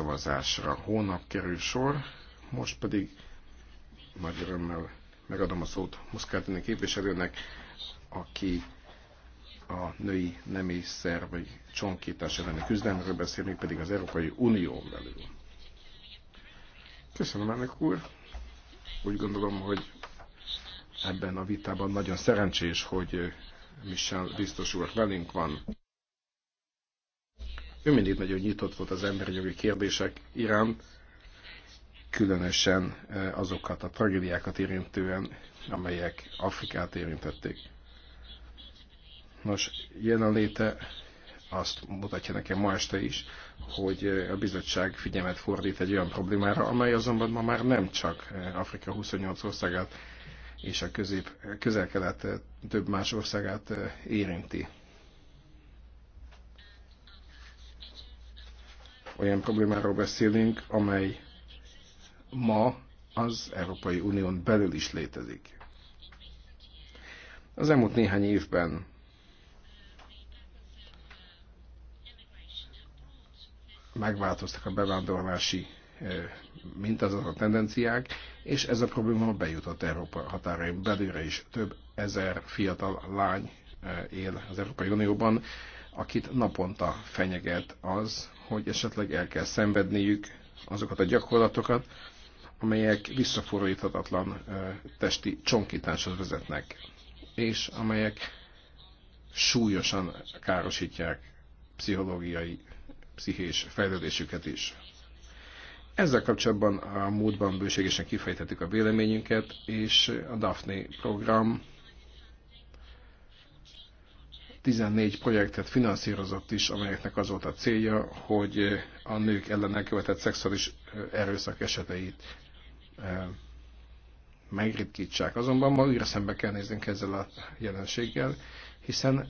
szavazásra hónap kerül sor, most pedig nagy örömmel megadom a szót Muszkátini képviselőnek, aki a női nemi szervi csonkítás elleni küzdelmről beszél, még pedig az Európai Unión belül. Köszönöm ennek úr. Úgy gondolom, hogy ebben a vitában nagyon szerencsés, hogy Michel biztos úr velünk van. Ő mindig nagyon nyitott volt az emberi jogi kérdések iránt, különösen e, azokat a tragédiákat érintően, amelyek Afrikát érintették. Nos, jelenléte azt mutatja nekem ma este is, hogy e, a bizottság figyelmet fordít egy olyan problémára, amely azonban ma már nem csak e, Afrika 28 országát és a közép, közel-kelet több más országát érinti. olyan problémáról beszélünk, amely ma az Európai Unión belül is létezik. Az elmúlt néhány évben megváltoztak a bevándorlási eh, mintázat a tendenciák, és ez a probléma bejutott Európa határain belőle is. Több ezer fiatal lány eh, él az Európai Unióban, akit naponta fenyeget az, hogy esetleg el kell szenvedniük azokat a gyakorlatokat, amelyek visszafordíthatatlan testi csonkításhoz vezetnek, és amelyek súlyosan károsítják pszichológiai, pszichés fejlődésüket is. Ezzel kapcsolatban a múltban bőségesen kifejtettük a véleményünket, és a Daphne program 14 projektet finanszírozott is, amelyeknek az volt a célja, hogy a nők ellen elkövetett szexuális erőszak eseteit megritkítsák. Azonban ma újra szembe kell néznünk ezzel a jelenséggel, hiszen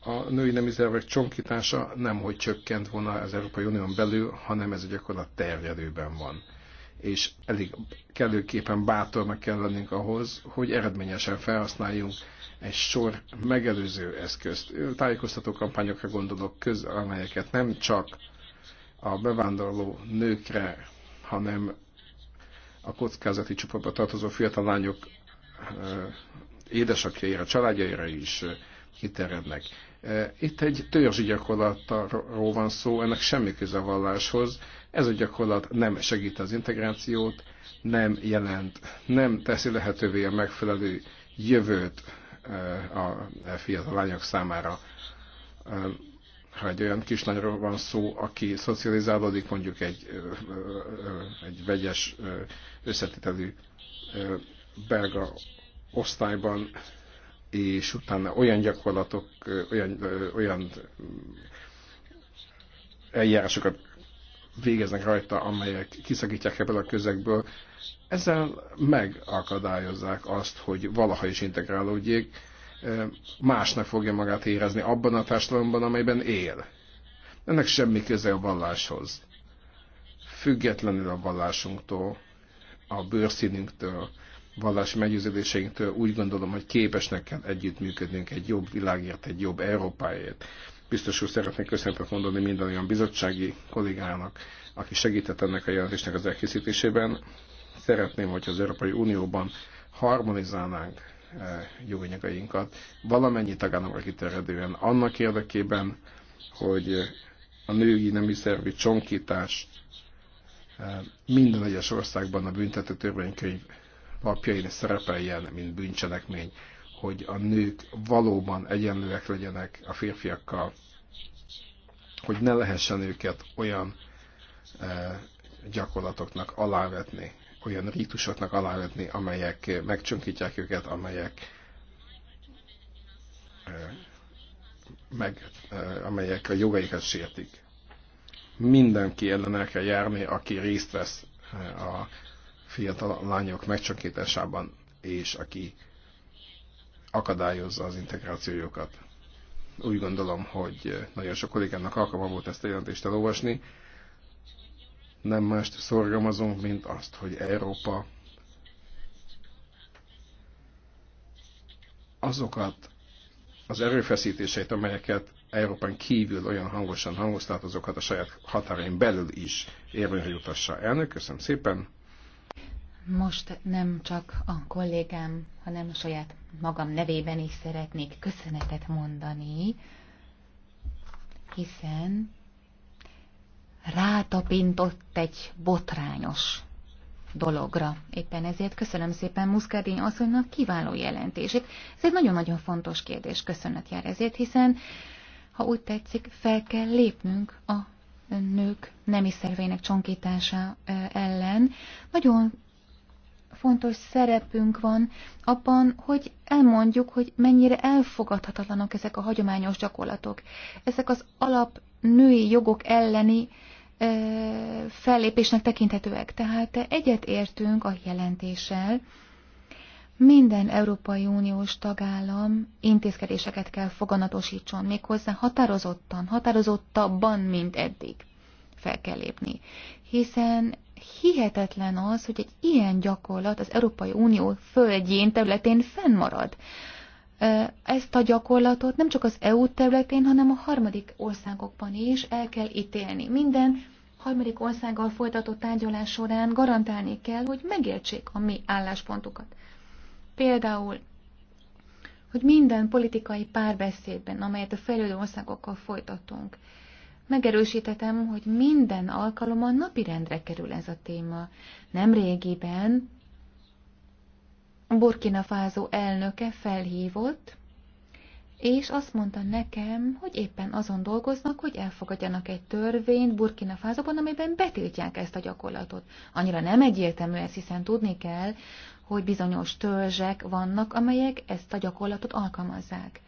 a női nemi szervek csonkítása nem hogy csökkent volna az Európai Unión belül, hanem ez a gyakorlat terjedőben van és elég kellőképpen bátornak kell lennünk ahhoz, hogy eredményesen felhasználjunk egy sor megelőző eszközt. Tájékoztató kampányokra gondolok, köz, amelyeket nem csak a bevándorló nőkre, hanem a kockázati csoportba tartozó fiatal lányok édesapjaira, családjaira is kiterjednek. Eh, itt egy törzsi gyakorlatról van szó, ennek semmi köze valláshoz. Ez a gyakorlat nem segít az integrációt, nem jelent, nem teszi lehetővé a megfelelő jövőt eh, a fiatal lányok számára. Eh, ha egy olyan kislányról van szó, aki szocializálódik mondjuk egy, egy vegyes összetételű belga osztályban, és utána olyan gyakorlatok, olyan, olyan eljárásokat végeznek rajta, amelyek kiszakítják ebből a közegből, ezzel megakadályozzák azt, hogy valaha is integrálódjék, másnak fogja magát érezni abban a társadalomban, amelyben él. Ennek semmi köze a valláshoz. Függetlenül a vallásunktól, a bőrszínünktől, vallási meggyőződéseinktől úgy gondolom, hogy képesnek kell együttműködnünk egy jobb világért, egy jobb Európáért. Biztos úr szeretnék köszönetet mondani minden olyan bizottsági kollégának, aki segített ennek a jelentésnek az elkészítésében. Szeretném, hogy az Európai Unióban harmonizálnánk eh, joganyagainkat valamennyi tagállamra kiterjedően annak érdekében, hogy a női nemi szervi csonkítás eh, minden egyes országban a büntető törvénykönyv papjain szerepeljen, mint bűncselekmény, hogy a nők valóban egyenlőek legyenek a férfiakkal, hogy ne lehessen őket olyan eh, gyakorlatoknak alávetni, olyan rítusoknak alávetni, amelyek megcsonkítják őket, amelyek eh, meg, eh, amelyek a jogaikat sértik. Mindenki ellen el kell járni, aki részt vesz a fiatal lányok megcsakításában, és aki akadályozza az integrációjukat. Úgy gondolom, hogy nagyon sok kollégának alkalma volt ezt a jelentést elolvasni. Nem mást szorgalmazunk, mint azt, hogy Európa azokat az erőfeszítéseit, amelyeket Európán kívül olyan hangosan hangoztat, azokat a saját határain belül is érvényre jutassa. Elnök, köszönöm szépen! Most nem csak a kollégám, hanem a saját magam nevében is szeretnék köszönetet mondani, hiszen rátapintott egy botrányos dologra. Éppen ezért köszönöm szépen Muszkádény asszonynak kiváló jelentését. Ez egy nagyon-nagyon fontos kérdés, köszönet jár ezért, hiszen ha úgy tetszik, fel kell lépnünk a nők nemi szerveinek csonkítása ellen. Nagyon fontos szerepünk van abban, hogy elmondjuk, hogy mennyire elfogadhatatlanok ezek a hagyományos gyakorlatok. Ezek az alap női jogok elleni ö, fellépésnek tekinthetőek. Tehát egyet értünk a jelentéssel, minden Európai Uniós tagállam intézkedéseket kell foganatosítson, méghozzá határozottan, határozottabban, mint eddig fel kell lépni. Hiszen hihetetlen az, hogy egy ilyen gyakorlat az Európai Unió földjén, területén fennmarad. Ezt a gyakorlatot nem csak az EU területén, hanem a harmadik országokban is el kell ítélni. Minden harmadik országgal folytatott tárgyalás során garantálni kell, hogy megértsék a mi álláspontokat. Például, hogy minden politikai párbeszédben, amelyet a fejlődő országokkal folytatunk, Megerősítetem, hogy minden alkalommal napirendre kerül ez a téma. Nem régiben Burkina Faso elnöke felhívott, és azt mondta nekem, hogy éppen azon dolgoznak, hogy elfogadjanak egy törvényt Burkina Fázóban, amiben betiltják ezt a gyakorlatot. Annyira nem egyértelmű ez, hiszen tudni kell, hogy bizonyos törzsek vannak, amelyek ezt a gyakorlatot alkalmazzák.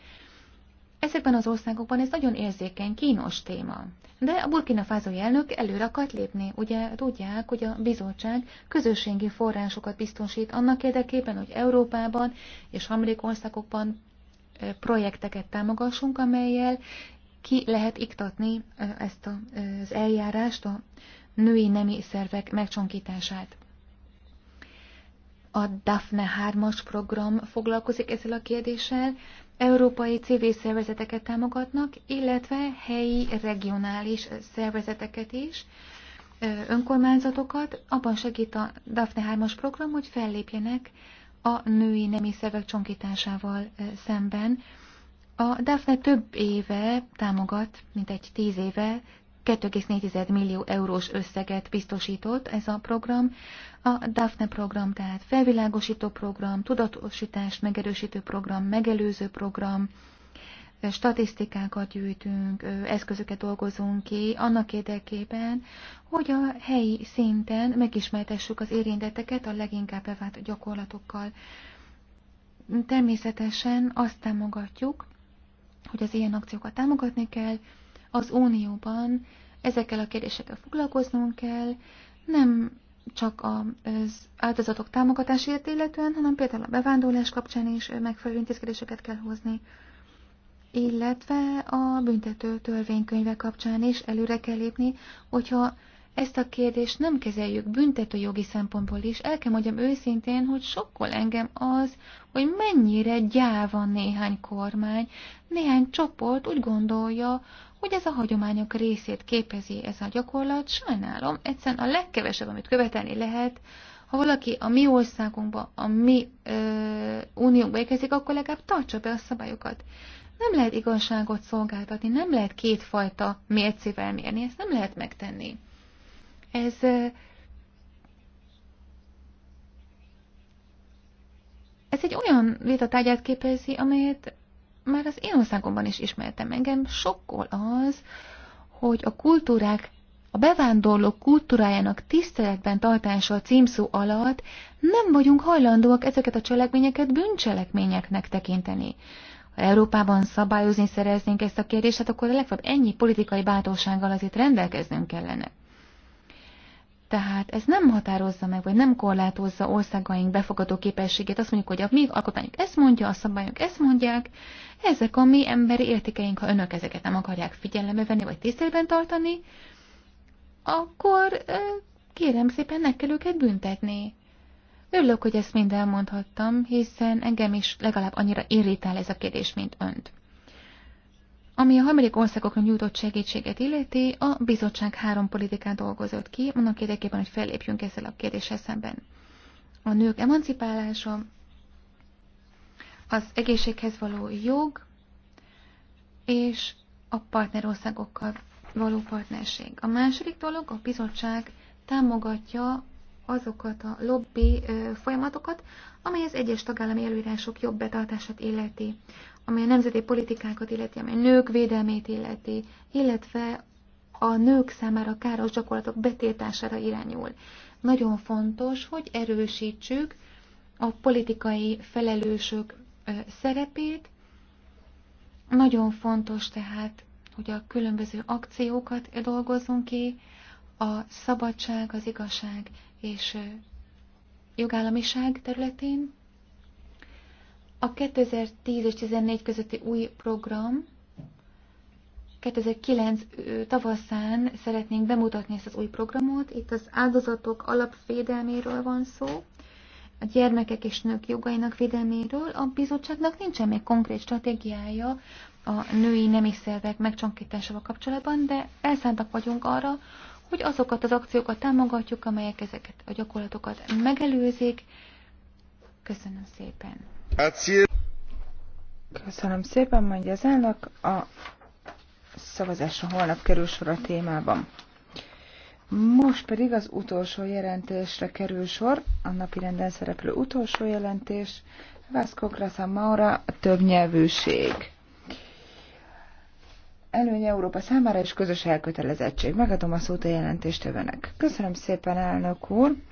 Ezekben az országokban ez nagyon érzékeny, kínos téma. De a burkina fázói elnök előre akart lépni. Ugye tudják, hogy a bizottság közösségi forrásokat biztosít annak érdekében, hogy Európában és harmadik országokban projekteket támogassunk, amelyel ki lehet iktatni ezt az eljárást, a női nemi szervek megcsonkítását. A DAFNE 3-as program foglalkozik ezzel a kérdéssel, európai civil szervezeteket támogatnak, illetve helyi, regionális szervezeteket is, önkormányzatokat. Abban segít a DAFNE 3-as program, hogy fellépjenek a női nemi szervek csonkításával szemben. A DAFNE több éve támogat, mint egy tíz éve 2,4 millió eurós összeget biztosított ez a program, a DAFNE program, tehát felvilágosító program, tudatosítást megerősítő program, megelőző program, statisztikákat gyűjtünk, eszközöket dolgozunk ki annak érdekében, hogy a helyi szinten megismertessük az érintetteket a leginkább bevált gyakorlatokkal. Természetesen azt támogatjuk, hogy az ilyen akciókat támogatni kell, az Unióban ezekkel a kérdésekkel foglalkoznunk kell, nem csak az áldozatok támogatásért illetően, hanem például a bevándorlás kapcsán is megfelelő intézkedéseket kell hozni, illetve a büntető törvénykönyve kapcsán is előre kell lépni, hogyha ezt a kérdést nem kezeljük büntető jogi szempontból is, el kell mondjam őszintén, hogy sokkol engem az, hogy mennyire gyáva néhány kormány, néhány csoport úgy gondolja, hogy ez a hagyományok részét képezi ez a gyakorlat, sajnálom, egyszerűen a legkevesebb, amit követelni lehet, ha valaki a mi országunkba, a mi ö, uniónkba érkezik, akkor legalább tartsa be a szabályokat. Nem lehet igazságot szolgáltatni, nem lehet kétfajta mércével mérni, ezt nem lehet megtenni. Ez ö, ez egy olyan vitatágyát képezi, amelyet már az én országomban is ismertem engem, sokkol az, hogy a kultúrák, a bevándorlók kultúrájának tiszteletben tartása a címszó alatt nem vagyunk hajlandóak ezeket a cselekményeket bűncselekményeknek tekinteni. Ha Európában szabályozni szereznénk ezt a kérdést, hát akkor legfeljebb ennyi politikai bátorsággal azért rendelkeznünk kellene. Tehát ez nem határozza meg, vagy nem korlátozza országaink befogadó képességét. Azt mondjuk, hogy a mi alkotmányunk ezt mondja, a szabályok ezt mondják, ezek a mi emberi értékeink, ha önök ezeket nem akarják figyelembe venni, vagy tisztelben tartani, akkor kérem szépen ne kell őket büntetni. Örülök, hogy ezt mind elmondhattam, hiszen engem is legalább annyira irritál ez a kérdés, mint önt. Ami a harmadik országokra nyújtott segítséget illeti, a bizottság három politikán dolgozott ki, annak érdekében, hogy fellépjünk ezzel a kérdéssel szemben. A nők emancipálása, az egészséghez való jog, és a partnerországokkal való partnerség. A második dolog, a bizottság támogatja azokat a lobby folyamatokat, amely az egyes tagállami előírások jobb betartását illeti, amely a nemzeti politikákat illeti, amely a nők védelmét illeti, illetve a nők számára káros gyakorlatok betiltására irányul. Nagyon fontos, hogy erősítsük a politikai felelősök szerepét. Nagyon fontos tehát, hogy a különböző akciókat dolgozunk ki, a szabadság, az igazság és jogállamiság területén. A 2010 és 2014 közötti új program 2009 tavaszán szeretnénk bemutatni ezt az új programot. Itt az áldozatok alapvédelméről van szó, a gyermekek és nők jogainak védelméről. A bizottságnak nincsen még konkrét stratégiája a női nemi szervek megcsonkításával kapcsolatban, de elszántak vagyunk arra, hogy azokat az akciókat támogatjuk, amelyek ezeket a gyakorlatokat megelőzik. Köszönöm szépen. Köszönöm szépen, mondja az elnök. A szavazásra holnap kerül sor a témában. Most pedig az utolsó jelentésre kerül sor, a napi renden szereplő utolsó jelentés, Vasco Krasa Maura, többnyelvűség előnye Európa számára és közös elkötelezettség. Megadom a szót a jelentéstevőnek. Köszönöm szépen, elnök úr!